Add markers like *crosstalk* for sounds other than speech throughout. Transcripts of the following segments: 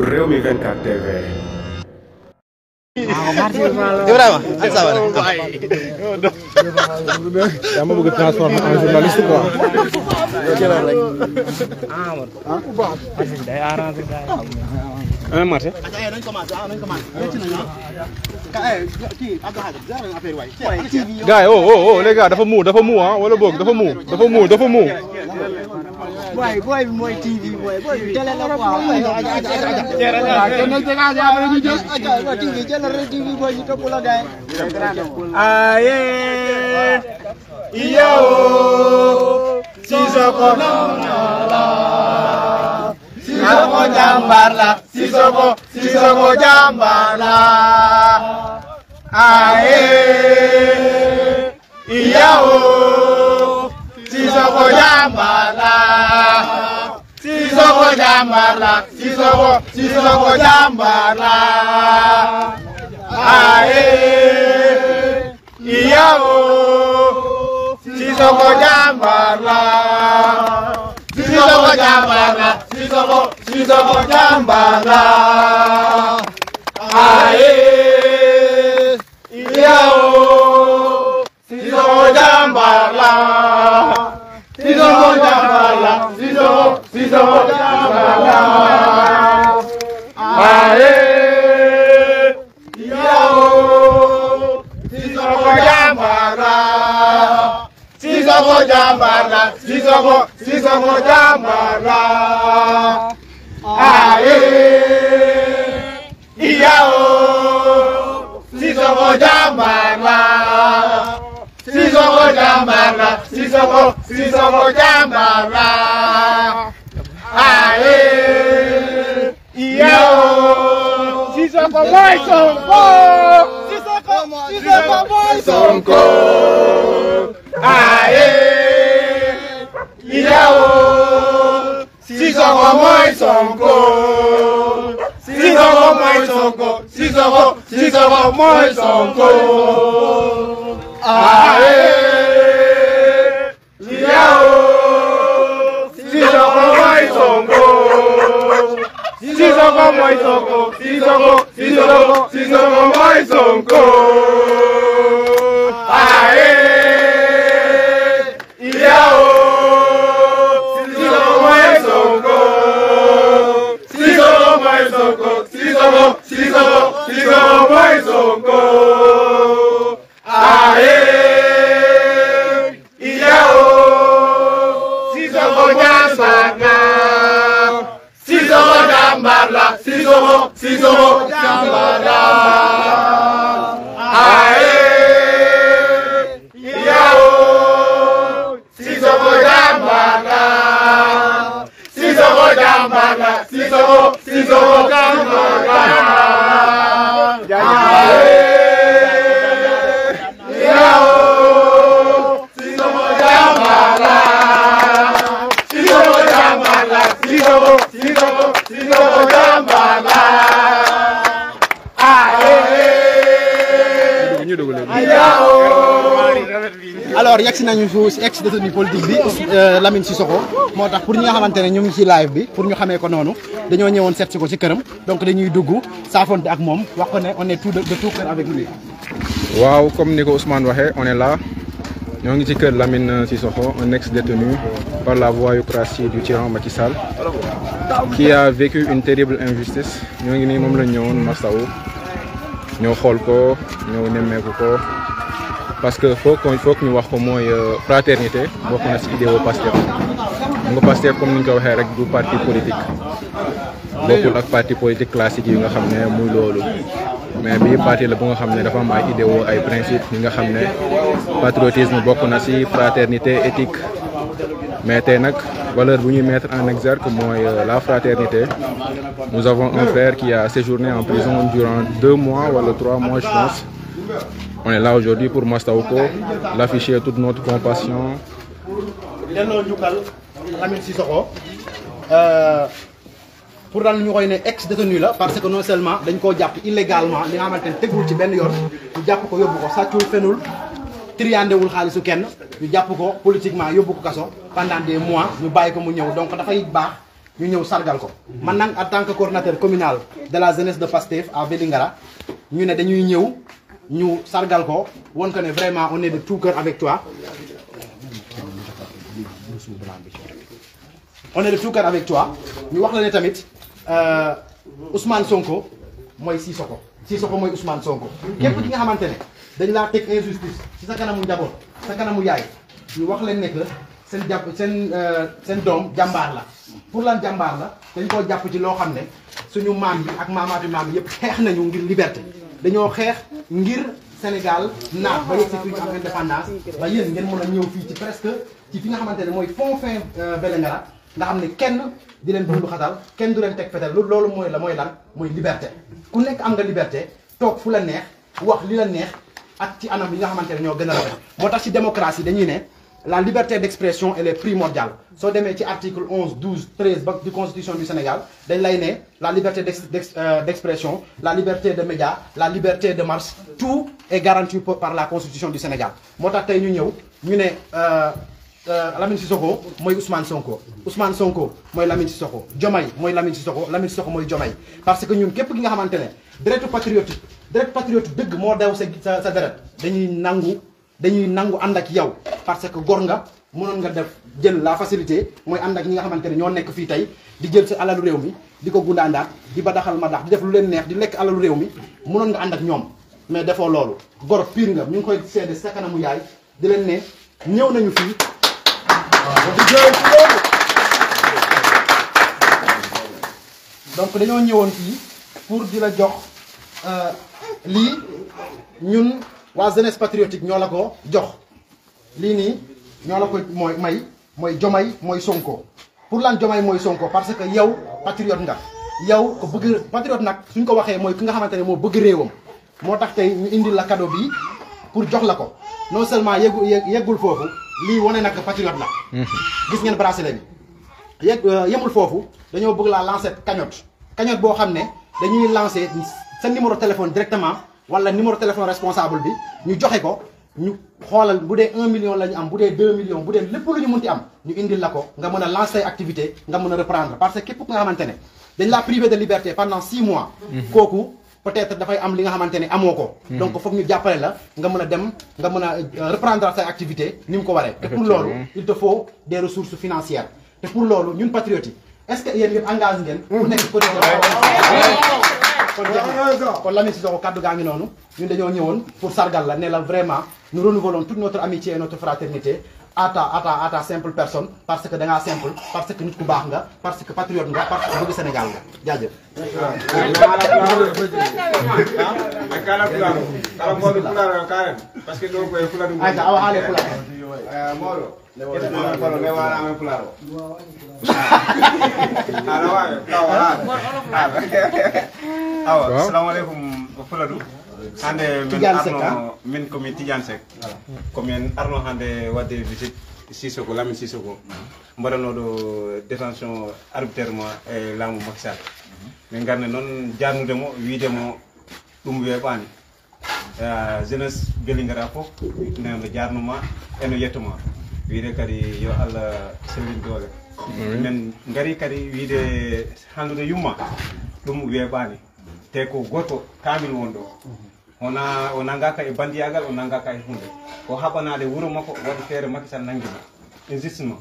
Rewmi 24 TV. Ibrahima ak Sabara yaa ma bëgg a transformé en journaliste quoi. un marché. gars yi oh oh, oh les gars dafa muu dafa muu ah wala boog dafa muu dafa muu dafa muu. boy boy boy TV boy boy jala la kwa boy jala jala jala ni jo acha TV jala re TV boy ni to kula ga aye iyo sisoko nonyala sisoko jambala sisoko sisoko jambala aye iyo Sisoko Jambala. Sisoko Jambala. Sisoko, Sisoko Jambala. Ae, Iyao. Sisoko Jambala. Sisoko Jambala. Sisoko, Sisoko Jambala. Ae, Iyao. Sisoko Jambala. Jamala, Sisomo, Sisomo Jamala. Aye, ìyá o, Sisomo Jamala. Sisomo Jamala, Sisomo, Sisomo Jamala. Aye, ìyá o. Sisoko boy sonko. Sisoko, Sisoko boy Aye ìyá o sísọwọ́ mọ́ ìsọ̀nkò sísọwọ́ mọ́ ìsọ̀nkò sísọwọ́ sísọwọ́ mọ́ ìsọ̀nkò ààrẹ ìyá o sísọwọ́ mọ́ ìsọ̀nkò sísọwọ́ mọ́ ìsọ̀nkò sísọwọ́ sísọwọ́ sísọwọ́ mọ́ Izoka Muganga. alors yegg nañu si ex détenu politique bi euh, Lamine Sissoko motax pour ñi nga xamantene ñu ngi ci live bi pour ñu xamé ko nonu dañu ñëwoon seet ko ci kërëm donc dañuy dugg saafonte ak mom wax ko ne on est tout de tout cœur avec lui. waaw comme niko Ousmane waxé on est là ñoo ngi ci kër Lamine Sissoko un ex détenu par la voyoucratie du tyran Macky Sall qui a vécu une terrible injustice ñoo ngi nii moom la ñëwoon Massaw ñoo xol ko ñoo nemmeeku ko parce qu'il faut que nous wax la euh, fraternité bokk na si idéo Pasteur. Le pasteur comme ni ñu ko rek du parti politique beaucoup de parti politique classique yi nga le ne mais les parti la bu nga xamné dafa am ay idéo ay principe yi nga xamné patriotisme bokk na fraternité éthique mais té nak valeur bu ñuy mettre en exergue euh, la fraternité nous avons un frère qui a séjourné en prison durant deux mois ou trois mois je pense on est là aujourd'hui pour Mastaoko, l'afficher toute notre compassion. Euh, pour daal ñu koy ne ex détenu la parce que non seulement dañ koo jàpp illégalement li nga xamante ne tegul ci benn yoon ñu jàpp ko yóbbu ko sàccul fenul triandewul xaalisu kenn ñu jàpp ko politiquement yóbbu ko kaso pendant des mois ñu bàyyi ko mu ñëw donc dafay baax ñu ñëw sargal ko man nag en tant que coordinateur communal de la jeunesse de Pastef à Vélingara ñu ne dañuy ñëw nous sargal ko won ko vraiment on est de tout cœur avec toi on est de tout cœur avec toi ñu wax la né tamit euh, Ousmane Sonko moy Sissoko Sissoko moy Ousmane Sonko. képp ki nga xamante dañ la tek injustice ci sa kanamu njaboot sa kanamu yaay ñu wax sen euh sen doom jambar la pour lan la dañ ko japp ci lo xamné suñu mam tu ak mam yépp nañu ngir liberté dañoo xeex ngir Sénégal ba yegg ci indépendance ba yéen ngeen a ñëw fii ci presque ci fi nga xamante ne mooy fond euh, nga xam kenn di leen dund xatal kenn du leen teg fetal loolu mooy la liberté ku nekk am nga liberté toog fu la neex wax li la neex ak ci anam yi nga xamante ne ñoo démocratie dañuy ne la liberté d'expression elle est primordiale soo demee ci article 11 12 13 de du constitution du Sénégal dañ lay la liberté euh, d'expression la liberté de médias, la liberté de marche tout est garanti par la constitution du Sénégal moo tax nous, ñu ñëw ñu ne euh, euh, Lamine Sissoko mooy Ousmane Sonko Ousmane Sonko mooy Lamine Sissoko Diomaye mooy Lamine Sissoko Lamine Sissoko mooy Diomaye parce que nous képp ki nga xamante Le droit patriotique deretu patriotique dëgg moo dew sa sa deret dañuy nangu dañuy nangu ànd ak yow parce que gor nga mënoon nga def jël la facilité mooy ànd ak ñi nga xamante ne ñoo nekk fii tey di jël si alalu réew mi di ko gundaandaat di ba daxal ma dax di def lu leen neex di lekk alalu réew mi mënoon nga ànd ak ñoom mais defoo loolu gor piir nga ñu ngi koy seede na kanamu yaay di leen ne ñëw nañu fii donc dañoo ñëwoon fii pour di la jox euh, lii ñun waa jeunesse patriotique ñoo la ko jox lii nii ñoo la ko mooy may mooy Jomay mooy Sonko pour lan Jomay mooy Sonko parce que yow patriote nga yow ko bëgg patriote nag suñ ko waxee mooy ki nga xamante ne moo bëgg réewam moo tax tey ñu indi la kado bi pour jox la ko non seulement yeggu yeggul foofu lii wane nag patriote la gis ngeen bracelet bi yeg euh, yemul foofu dañoo bëgg laa lancer cagnotte cagnotte boo xam ne dañuy lancer sa numéro téléphone directement wala numéro de téléphone responsable bi ñu joxé ko ñu xolal bu dee 1 million lañu am bu 2 millions bu dee lépp lu ñu am ñu indil la ko nga mëna lancer activité nga mëna reprendre parce que képp ku nga xamante ne dañ la privé de liberté pendant 6 mois. Mhm. Koku peut-être fay am li nga xamante amoko. Mhm. donc foog ñu jappalé la nga mëna dem nga mëna euh, reprendre sa activité nim ko waré. pour lolu, il te faut des ressources financières Et pour lolu, ñun patriotes est-ce que yéen ñëpp engage ngeen. ku nekk côté. Pour la le pour sargal vraiment nous renouvelons toute notre amitié et notre fraternité à ta simple personne parce que da simple parce que nous sommes parce que patriote parce que Sénégal awa salaamaaleykum fuladu hande min arno min komin tidiane sek komin arno hande wadde visite sisoko lamin sisoko mbaɗanoɗo détention arbitrairement e eh, laamu makisal min garne noon jarnude mo wiidemo ɗum weeɓani eh, jeunesse belligara fof neno jarnuma eno yettoma wiide kadi yo allah sellin doole men ngari kadi wiide hannude yumma ɗum weeɓaani te ko goto kamin won ɗo ona o nanngaka e bandiyagal o nanngaka e hunde o haɓanaade wuro makko waɗi feere makisal nanngima injustement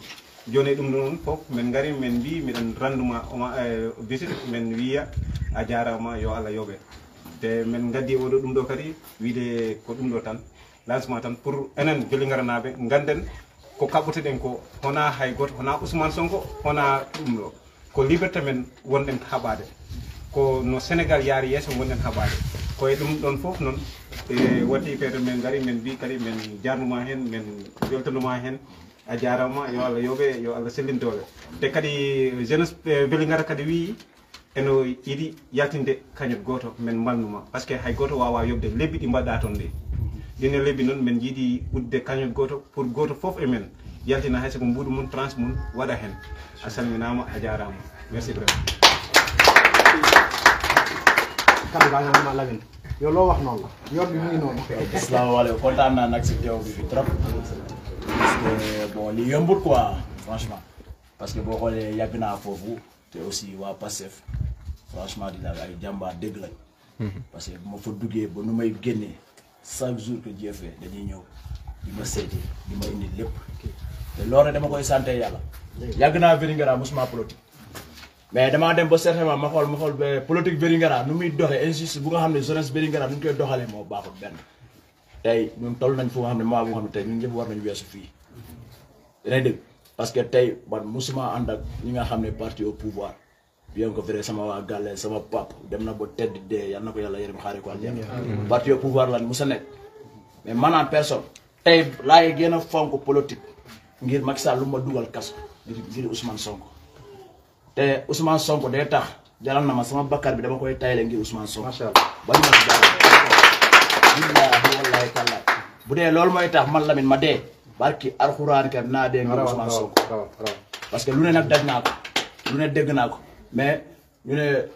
jooni ɗum ɗoon fof min ngari min mbi miɗen rendema oma e, visite min wiya a jarama yo allah yoɓe te min gaddi oɗo ɗum ɗo kadi wiide ko ɗum ɗo tan lancement tan pour enen joligaranaaɓe ngannden ko kaɓɓote ɗen ko hona hay goto hona ousmane sonko hona ɗum ɗo ko liberté men wonɗen haɓade ko no sénégal yaari yeeso gonɗen haɓade koye ɗum ɗon foof noon e watti feere men gari men mbi kadi men jarnuma hen men weltanuma hen a jarama yo allah yoɓe yo allah sellintoɓe te kadi jeunesse weligara kadi wi eno yiɗi yaltinde kañot goto men mbalnuma par ce que hay goto wawa yoɓde lebbi ɗi mbaɗɗa toon ɗi ndine lebbi noon min jiiɗi udde kañol goto pour goto foof e men yaltina hay soko mbuɗu mum trans mum waɗa hen a salminama a jarama merci vraiment kamɓe gañanama lamin yo lo wax noon la yoon bi mu ngi noonu asalaamaaleykum kontaan naa nag si teew bi trop bon li yombul quoi franchement parce que boo xoolee yàgg naa foofu te aussi waa Pastef franchement dina ay jàmbaar dëgg lañ mhm. parce que bu ma fa duggee ba nu may chaque jour que Dieu fait dañuy ñëw di ma seeti di ma indi lépp te dama koy sante yàlla yàgg naa Vélingara mosuma politique mais damaa dem ba certainement ma xool ma xool politique Vélingara nu muy doxee injustice bu nga xam ne jeunesse Vélingara nu ñu koy doxalee moo baaxul benn tey ñun toll nañ fu nga xam ne maa bu nga xam ne tey ñun ñëpp war nañu weesu fii dinañ dégg parce que tey man mosuma ànd ak ñi nga xam ne parti au pouvoir bien que vrai sama waa sama pap dem na ba tedd dee yal na ko yàlla yërëm xaare ko àjjana parti mu sa nekk mais maanaam personne tey laay gën a fonk politique ngir Macky Sall lu ma dugal kaso ngir Ousmane Sonko te Ousmane Sonko day tax jaral na ma sama bakkaar bi dama koy tayle ngir bu dee loolu mooy tax man Lamine ma dee barki alxuraan naa dee ngir Ousmane Sonko parce que lu ne nag daj naa ko lu ne dégg naa ko mais ñu ne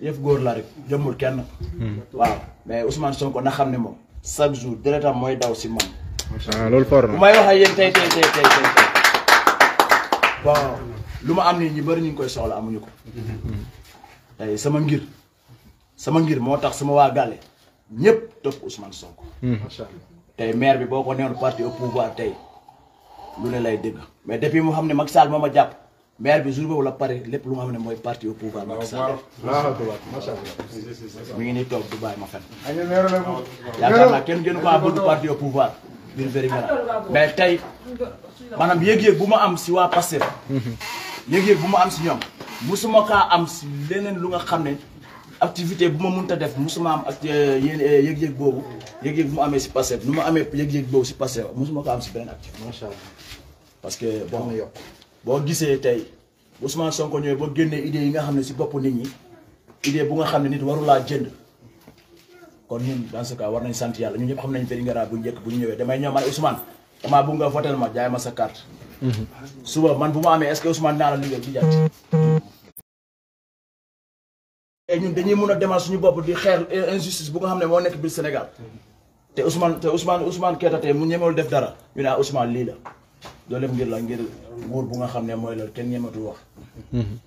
yëf góor la rek jëmmul kenn. Hmm. waaw mais Ousmane sonk na xam ne moom chaque jour deretam mooy daw si man. loolu fort na bu may ma am nii ñu bëri ñu ngi koy soxla amuñu ko. sama ngir sama ngir moo tax sama waa ñëpp topp Ousmane Sonko. Hmm. macha bi boo ko newoon lay dégg mais depuis mu xam ne Macky Sall moo ma jàpp. maire bi jour boobu la pare lépp lu nga xam ne mooy parti au pouvoir Macky Sall mi ngi nii toog du bàyyi ma fen yaakaar naa kenn gënu maa bëgg parti au pouvoir biir vérigara mais tey maanaam yëg-yëg bu ma am si waa Pastef yëg-yëg bu ma am si ñoom musuma kaa am si leneen lu nga xam ne activité bu ma ta def musuma am ak euh, yéen euh, yëg-yëg boobu yëg-yëg bu ma amee si Pastef nu ma amee yëg-yëg boobu si Pastef musuma kaa am si beneen activité macha allah parce que boo ma yokk boo gisee tey Ousmane Sonko ñëwee boo génnee idée yi nga xam ne si bopp nit ñi idée bu nga xam ne nit warulaa jënd kon ñun dans ce war nañ sant yàlla ñu ñëpp xam nañ Vélingara bu njëkk bu ñu ñëwee damay ñëw man Ousmane damaa bëgg nga votel ma jaay ma sa carte. suba man bu mu amee est-ce que Ousmane naa la liggéey di jàcc. ñun dañuy mun a demal suñu bopp di xeer injustice bu nga xam ne moo nekk biir Sénégal te Ousmane te Ousmane Ousmane Keita tey mu ñemewul def dara ñu ne ah Ousmane lii la. loolu yëpp ngir la ngir nguur bu nga xam ne mooy loolu kenn ñematu wax.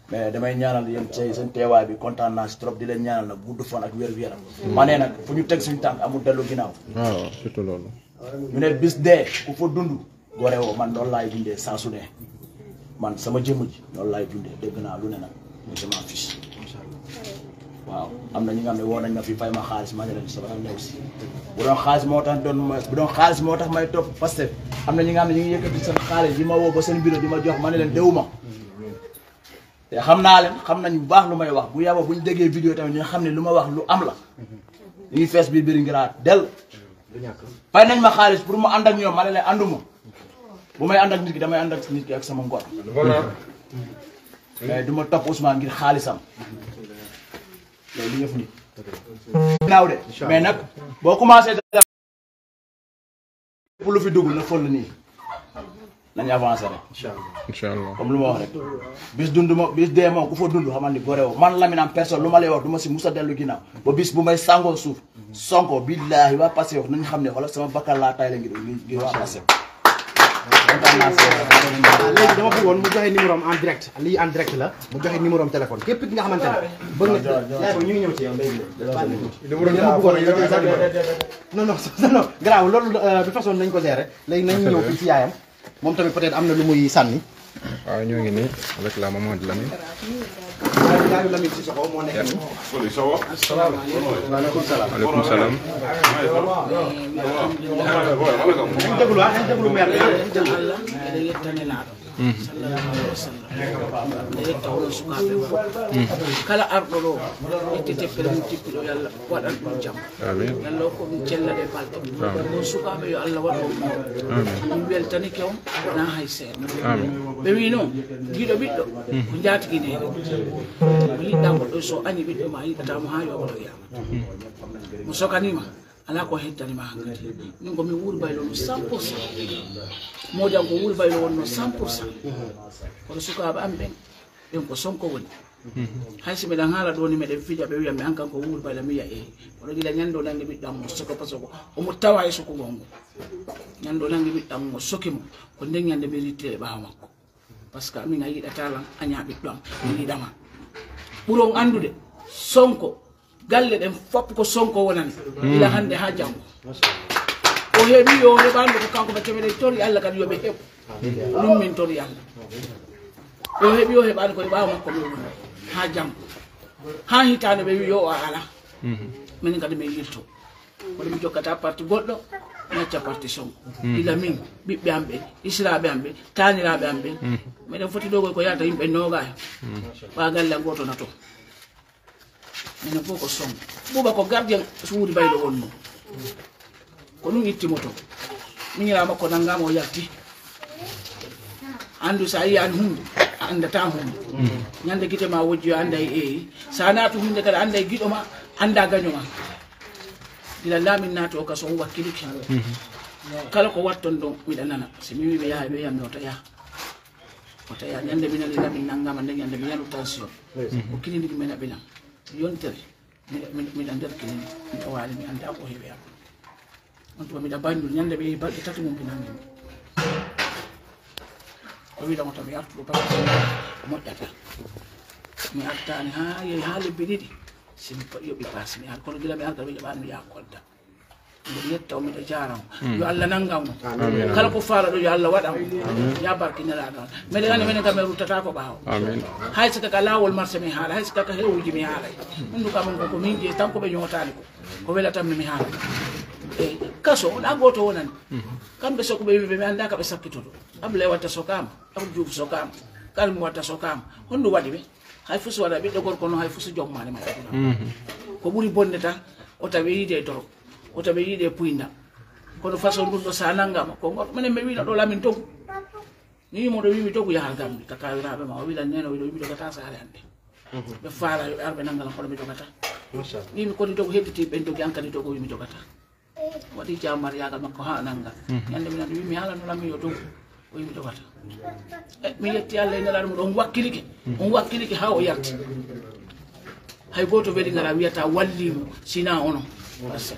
mais damay ñaanal yéen ci seen teewaay bi kontaan naa si trop di leen ñaanal nag gudd fan ak wér-gu-yaram. ma ne nag fu ñu teg suñu tànk amul dellu ginnaaw. waaw surtout loolu. ñu ne bis dee ku fa dund. gore woo man loolu laay dundee saa su ne man sama jëmm ji loolu laay dundee dégg naa lu ne nag je m'en fiche am na ngam nga xam ne woo nañ ma fi fay ma xaalis ma ne leen sama yoon si bu doon xaalis moo tax doon ma bu doon xaalis moo tax may topp Pastef am na ñi nga xam ne ñu ngi yëkkati seen xaalis di ma woo ba seen bureau di ma jox ma ne leen dewuma te xam naa leen xam nañ bu baax lu may wax bu yaboo bu ñu vidéo tamit ñu xam ne lu wax lu am la ñu ngi fees biir biir ngiraat del fay nañ ma xaalis pour mu ànd ak ñoom ma ne leen ànduma bu may ànd ak nit ki damay ànd ak nit ki ak sama ngor mais du ma Ousmane ngir xaalisam yow li nga fi nit naaw de nag boo commencé dara pour lu fi dugg na fël nii nañu avancé rek incha comme lu ma wax rek bis dund ma bis dee moom ku fa dund xamal ni gore woo man Lamine am personne lu ma lay wax duma ma si musa dellu ginnaaw ba bis bu may sàngoo suuf sonko billaahi waa passé wax nañ xam ne xoolal sama bakkal laa tay la ngir ngir waa passé kontaan naa si waaw léegi dama bëggoon mu joxe numéro en direct lii en direct la mu joxe numéro am téléphone képp ki nga xamante ne bëgg nga yaay ñu ngi ñëw ci yow léegi dama bëggoon non *laughs* non non garaaw loolu euh, façon nañ ko gérer léegi nañ ñëw fii ci yaayam moom tamit peut am na lu muy sànni waaw ah, ñoo ngi nii avec la maman de Lamine Alaaji Lamin Sisoko moo nekk nii. asalaamaaleykum salaam. waaleykum salaam. nañ déglu ah nañ déglu maire bi nañ déglu. sallallahu alaihi wasallam allah so ala ko heddanima hankkadi min komin wuuri baylo no cen pourcent moƴan ko wuuri baylo wonno cen pourcent kono sukaɓe am ɓen ɓen ko sonko woni hay so mbiɗen haala ɗo ni meɗen fija ɓe wiyanmi han kan ko wuuri baylo mi wiya ey oɗo gila ñande o nangge ɓiɗɗanmo soko par ce que omo tawa e sokugolngo ñande o nangge ɓiɗɗanmo sokimo ko nden ñande mi ritte e ɓawa makko par ce que amin a yiɗatalan a ñaɓiɗɗo am mi yiɗama ɓuuron andude sonko galle ɗen fopp ko sonko wonani hmm. ila hande ha janggo o heɓi yo heɓandu ko kanko baccemeɗe toon allah kadi yoɓe heɓ lummin toon yalla o heɓi o heɓani koye ɓawa makko ɓe woni ha janggo ha hitande ɓe wi yo a ala mhm. min kadi min yirto kono mi jokkata parti goɗɗo macca parti sonko hmm. ila min ɓiɓɓe am ɓe isiraɓe am ɓe taniraɓe am ɓe hmm. meɗen foti ɗo koy ko yata yimɓe nogahe ɓa galle an goto na toon mino fof ko som buba ko gardien suudi mbayɗo wonno ko nu ittimo moto mi ñalama ko nanngama o yatti andu sa yi an hunde anda ta hunde mm-hmm. nyande kite ma wujju anda e sa natu hunde kadi anda e giɗo ma anda gaño ma gila laamin naati o ka son wakkiliki mm-hmm. kala ko watton do miɗa nana so mi wi mi yaha ɓe ya o taya o taya ñande minalila min nanga ma nyande mi na lutasio o kilinigi mena aɓilan yontere miɗa nder kinen miɗa waali mi annda ko heewi am on tuma mbiɗa mbawi ñande ɓe yehi balɗe tati mum binangimi o wiɗamo to mi artuɗo balɗe moƴƴata mi artani ha yehi ha lebbi ɗiɗi simi yoɓi pas mi ar kono gila mi arta wiɗa ɓan mi yaha kodda mbiɗo yetta o miɗo jaramo hmm. yo allah nangam o kala ko faala ɗo yo allah waɗam ya barkinelagal mbeɗe gandi minen kam mi e ruttata ko ɓawo hay so kaka lawol marché mi haala hay so kaka hewuji mi haalay ɗum du kamen koko min ƴe tan ko ɓe ñootani ko ko welatanmi mi haala eyi kaso oɗa goto wonani hmm. kamɓe soko ɓe wiɓe mi annda ka ɓe sakkitoto abulay watta sokama abu juuf sokama kalmi watta sokama honndu waɗi ɓe hay fo so waɗa ɓiɗɗo gorko noon hay fo so jommani maɗa hmm. ko ɓuuri bonde ta o tawi yide e drog wota ɓe yiiɗe puyna kono façon ɗum ɗo sanangama ko goto minen ɓe na do lamin togu ni yimo ɗo ku togu yahal ta ka kawiraɓe ma o wilan neno wiɗo wimi jogata saare ande ɓe faala yoɓe arɓe nanngalan kono ɓe jogata wimi koni togu hedditi ɓen togi an kadi togu wimi jogata waɗi jamar yagal makko ha do ñande minande wimi haalano lamin yo togu o mi jogata e mi yetti allah e nelaɗo muɗo on wakkilike on ke ha o yarti hay goto weɗi ngara wiyata wallimo sina ono mhm.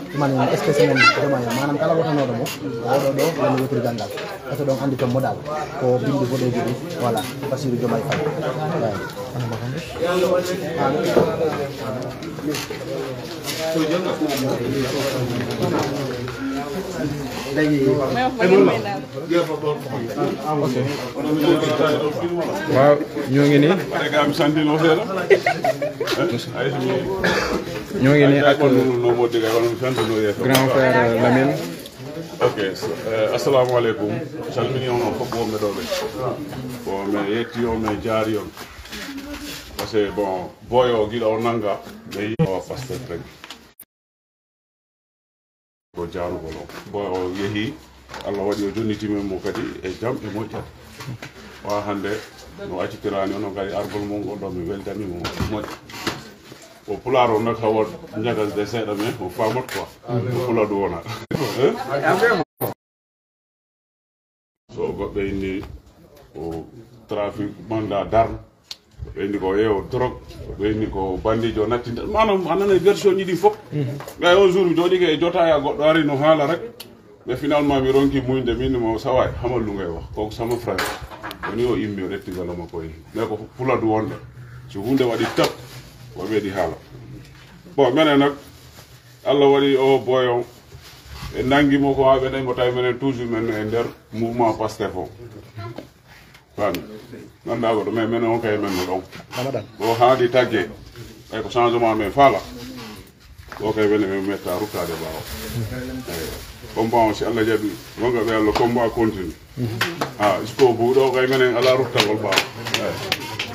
mane spécimen vraiment manam kala wotanoɗo mo oɗo ɗo wona wotiri gandal oto ɗon andi ton modal ko bindi goɗo mana? voilà basiru jomay fay waaw ñoo ngi nii ñoo ngi ni ak grand frère lamine ok euh, asalaamualeykum calmini on on fof wonɓe ɗoɓe bon mi yetti on mi jaar yon par ce que bon booyo o giɗa o nannga ɓe yiwa pasteur tag ko jaarugol o booy o yehii allah waɗi o jonnitimen mo kadi e jam e moƴƴat wa hannde no accitirani ono ngari argol mum ngol ɗo mi weldanimo moƴƴa populaire on a kawat njaga dessert ame o famot quoi popula do wona so go be ni o trafic manda dar be ni ko yeo drog be ni ko bandi mhm. jo natti manam anana version yi di fop ngay un jour jodi ke jota ya goddo ari no hala rek mais finalement mi ronki muynde min mo saway xamal lu ngay wax ko sama frère ni o imbi o retti galama koy mais ko pula do wonde ci hunde wadi top o weɗi haala bon minen nak allah waɗi o boyo e nangimo ko ha ɓeɗaymo tawi minen toujours men e nder mouvement pasteur fo fami nanndago ɗo mais minen on kay men no ɗon o haadi tagge ey ko changement men faala o kay wene men metta ruttade mbawo ey combat on si allah jaɓi gonga ɓe allah combat continue mhm. a jusqu'au bout ɗo kay menen ala ruttagol mbawo ey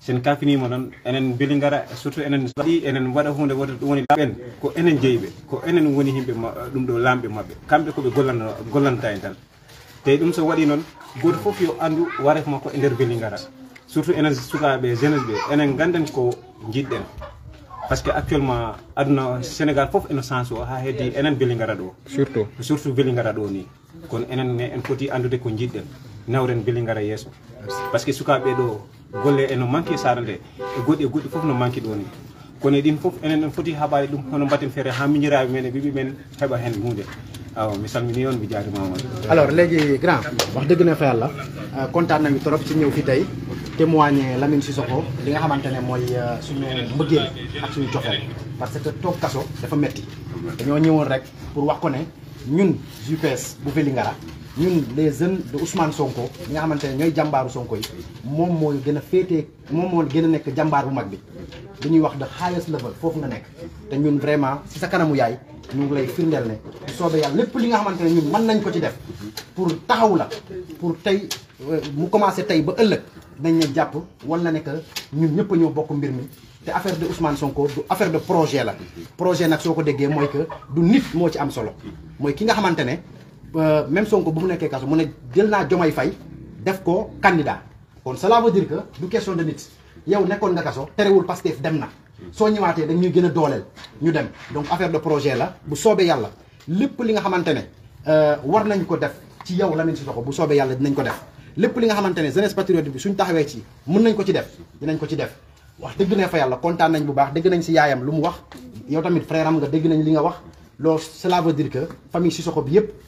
sen kafinima noon enen beeli gara surtout enen i enen waɗa hunde wode ɗum woni laɓen ko enen jeeyiɓe ko enen woni himɓe ɗum ɗo lamɓe mabɓe kamɓe koɓe gollan gollanta en tan te ɗum so waɗi noon goto foof yo andu waref makko e nder beeli gara surtout enen sukaɓe jeunes ɓe enen ganden ko jiɗɗen par ce que actuellement aduna sénégal foof ene sens o ha heddi enen beeli gara ɗo surtout surtout beeli gara ɗo ni kono enen ne en footi andude ko jiɗɗen nawren beeli gara yesso par ce que sukaɓe ɗo golle eno manque e sara nde e goɗɗi e goɗɗi fof no manque ɗon kono e ɗin fof enen en foti haɓade ɗum hono mbatten feere ha miñiraɓe men e hen hunde waaw mi mi jaarima on alors léegi grand wax dëgg na fa la euh, kontaan nañu trop ci ñëw fi tey témoigné Lamine Cissokho li nga xamante ne mooy euh, suñu mbëggeel ak suñu cofeel parce que toog kaso dafa metti dañoo ñëwoon rek pour wax ko ne ñun JPS bu Vélingara ñun les jeunes de Ousmane Sonko ñi nga xamante ne ñooy jàmbaaru Sonko yi moom mooy gën a féetee moom moo gën a nekk jàmbaar bu mag bi li ñuy wax de highest level foofu nga nekk te ñun vraiment si sa kanamu yaay ñu ngi lay firndeel ne bu soobee yàlla lépp li nga xamante ne ñun mën nañ ko ci def pour taxaw la pour tey euh, mu commencé tey ba ëllëg nañ ne jàpp wala na ne ñun ñëpp ñoo bokk mbir mi te affaire de Ousmane Sonko du affaire de projet la projet nag soo ko déggee mooy que du nit moo ci am solo mooy ki nga xamante ne même Sonko bu mu nekkee kaso mu ne jël naa Diomaye fay def ko candidat kon cela veut dire que du question de nit yow nekkoon nga kaso terewul Pastef dem na soo ñëwaatee dañ ñu gën a dooleel ñu dem donc affaire de projet la bu soobee yàlla lépp li nga xamante ne euh, war nañ ko def ci la yow Lamine Cissokho bu soobee yàlla dinañ ko def lépp li nga xamante ne jeunesse patriote bi suñ taxawee ci mën nañ ko ci def dinañ ko ci def wax dëgg ne fa yàlla kontaan nañ bu baax dëgg nañ si yaayam lu mu wax yow tamit frère am nga dëgg nañ li nga wax loolu cela veut dire que famille Cissokho bi yëpp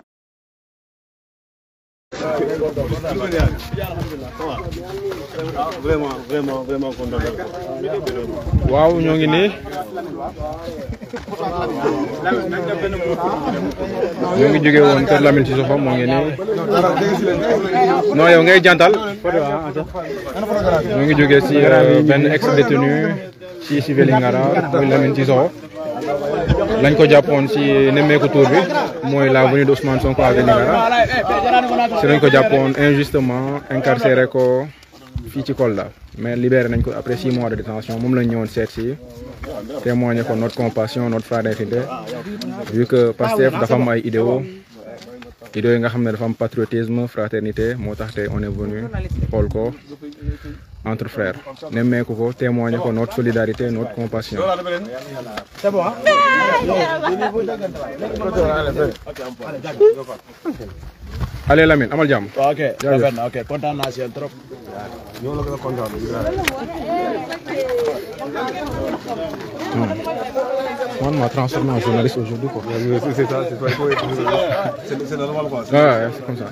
vraiment waaw ñoo ngi nii ñoo ngi jóge woon kër Lamine Cissokho moo ngi nii non yow ngay jantal ñoo ngi jóge si euh, benn ex détenu ci si Vélingara muy Lamine Cissokho lañ ko jàppoon si nemmeeku tour bi mooy la venue de Ousmane Sonko à Vélingara ci lañ ko jàppoon injustement incarcéré ko fii ci Kolda mais libéré nañ ko après six mois de détention moom lañ ñëwoon seet si témoigner ko notre compassion notre fraternité vu que Pastef dafa am ay idéaux Il doit nga le patriotisme, dafa patriotisme fraternité on est venu polko, entre frères Nous ko témoigner de notre solidarité notre compassion. C'est bon. Allez Lamine amal jam. Oh, ok rafet na ya, ya. ok content na si trop. ñoo la gën a ma transformé en journaliste aujourd'hui quoi. c'est ça c'est pas c'est c'est normal quoi. ah c'est comme ça.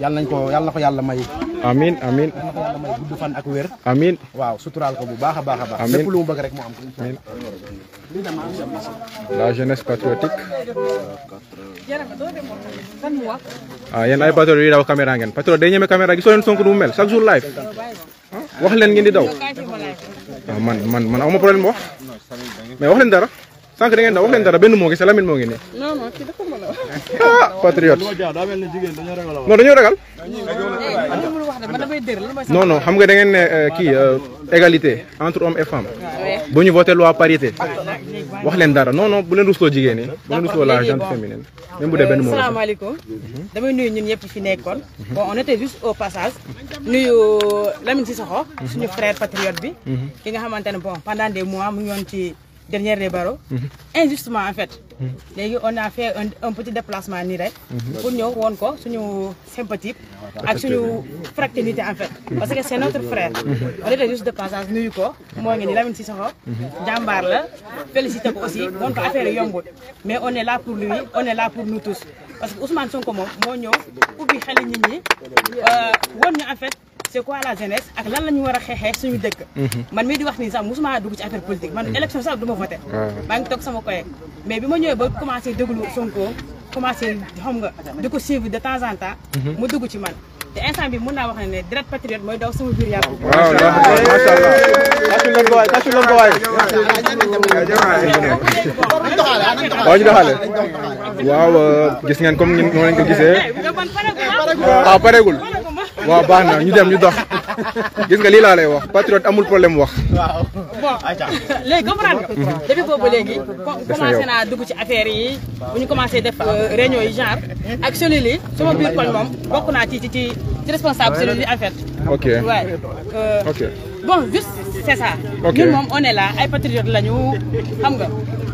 yàlla nañ ko yàlla na may amin amin yàlla may gudd fan ak wér amin waaw sutural ko bu baax a baax a lu mu bëgg rek mu am amin la jeunesse patriotique ah yéen ay patriote yi daw caméra ngeen patriote day ñeme caméra gisoo leen du mel chaque jour live wax leen ngeen di daw ah, man man man awma problème wax mais wax leen dara sànq da ngeen da wax leen dara benn moo ngi sa Lamine moo ngi nii. non non kii dafa mën a wax. ah patriote. non dañoo ragal. non non xam nga da ngeen ne kii égalité entre hommes et femmes. bu ñu voté loi parité. wax leen dara non non bu leen rusloo jigéen ñi. bu leen rusloo la gente féminine. même bu dee benn moo ngi. salaamaaleykum. damay nuyu ñun ñëpp fi bon on était juste au passage. nuyu Lamine suñu frère patriote bi. Mhm. ki nga xamante ne bon pendant des mois mu ci. dernière les barreaux. Mhm. injustement en fait. Mhm. léegi on a fait un petit déplacement nii rek. Mhm. pour ñëw encore ko suñu sympathie ak suñu fraternité en fait. parce que c'est notre frère. on était juste de passage nous ko moo ngi ni Lamine Cissokho jàmbaar la félicité ko aussi on ko affaire le yombul mais on est là pour lui on est là pour nous tous parce que Ousmane Sonko moom moo ñëw ubbi xel nit ñi euh, woon ñu en fait. c'est quoi la jeunesse ak lan la ñu war suñu dëkk mhm. man mii di wax nii sax mosuma dugg ci affaire politique man mhm. élection sax du ma voté maa ngi toog sama koye mais bi ma ñëwee ba commencé déglu Sonko commencé xam nga di ko suivre de temps en temps mhm. mu dugg ci man te instant bi mën naa wax ne ne direct patriote mooy daw sama biir yàpp allah tàccu leen ko waay waaw ñu doxale waaw gis ngeen comme ni ma ko gisee waaw eh, pareegul ah. Ah, waaw baax na ñu dem ñu dox gis nga lii laa lay wax patriote amul problème wax. waaw bon léegi comprendre nga. Mhm. depuis léegi. commencé naa dugg ci affaire yi bu ñu commencé def euh, réunion yi genre ak cellule yi sama bi koñ moom bokk naa ci ci ci responsable cellule yi en euh, ok bon juste c'est ça. ñun moom on est ay patriotes lañu xam nga.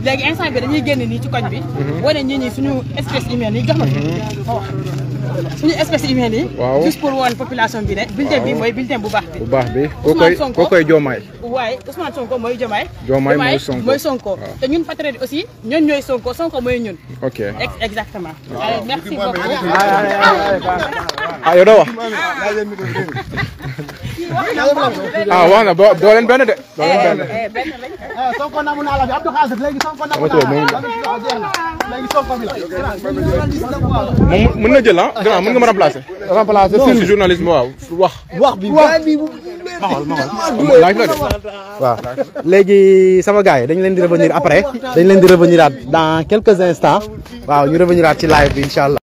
léegi instant bi dañuy génn nii ci koñ bi. Mhm. wane nit ñi suñu espèce humaine yi jox ma ko. Mhm. suñu espèce humaine yi. waaw juste pour woon population bi ne. bulletin bi mooy bulletin bu baax bi. bu baax bi Ousmane Sonko koy Diomaye. waaye Ousmane Sonko mooy Diomaye. Diomaye mooy Sonko mooy Sonko. te ñun patriote aussi ñoon ñooy Sonko Sonko mooy ñun. ok exactement. alors merci beaucoup. ah wana. na boo doo de benn de doo leen eh, benn de sonko namu naa la eh, fi abdou xaasit léegi sonko namu naa la léegi sonko bi la moom mën na jël ah grand mën nga remplacer sama gars yi eh? dañ leen di revenir après dañ leen di reveniraat dans quelques instants waaw ñu reveniraat ci live bi incha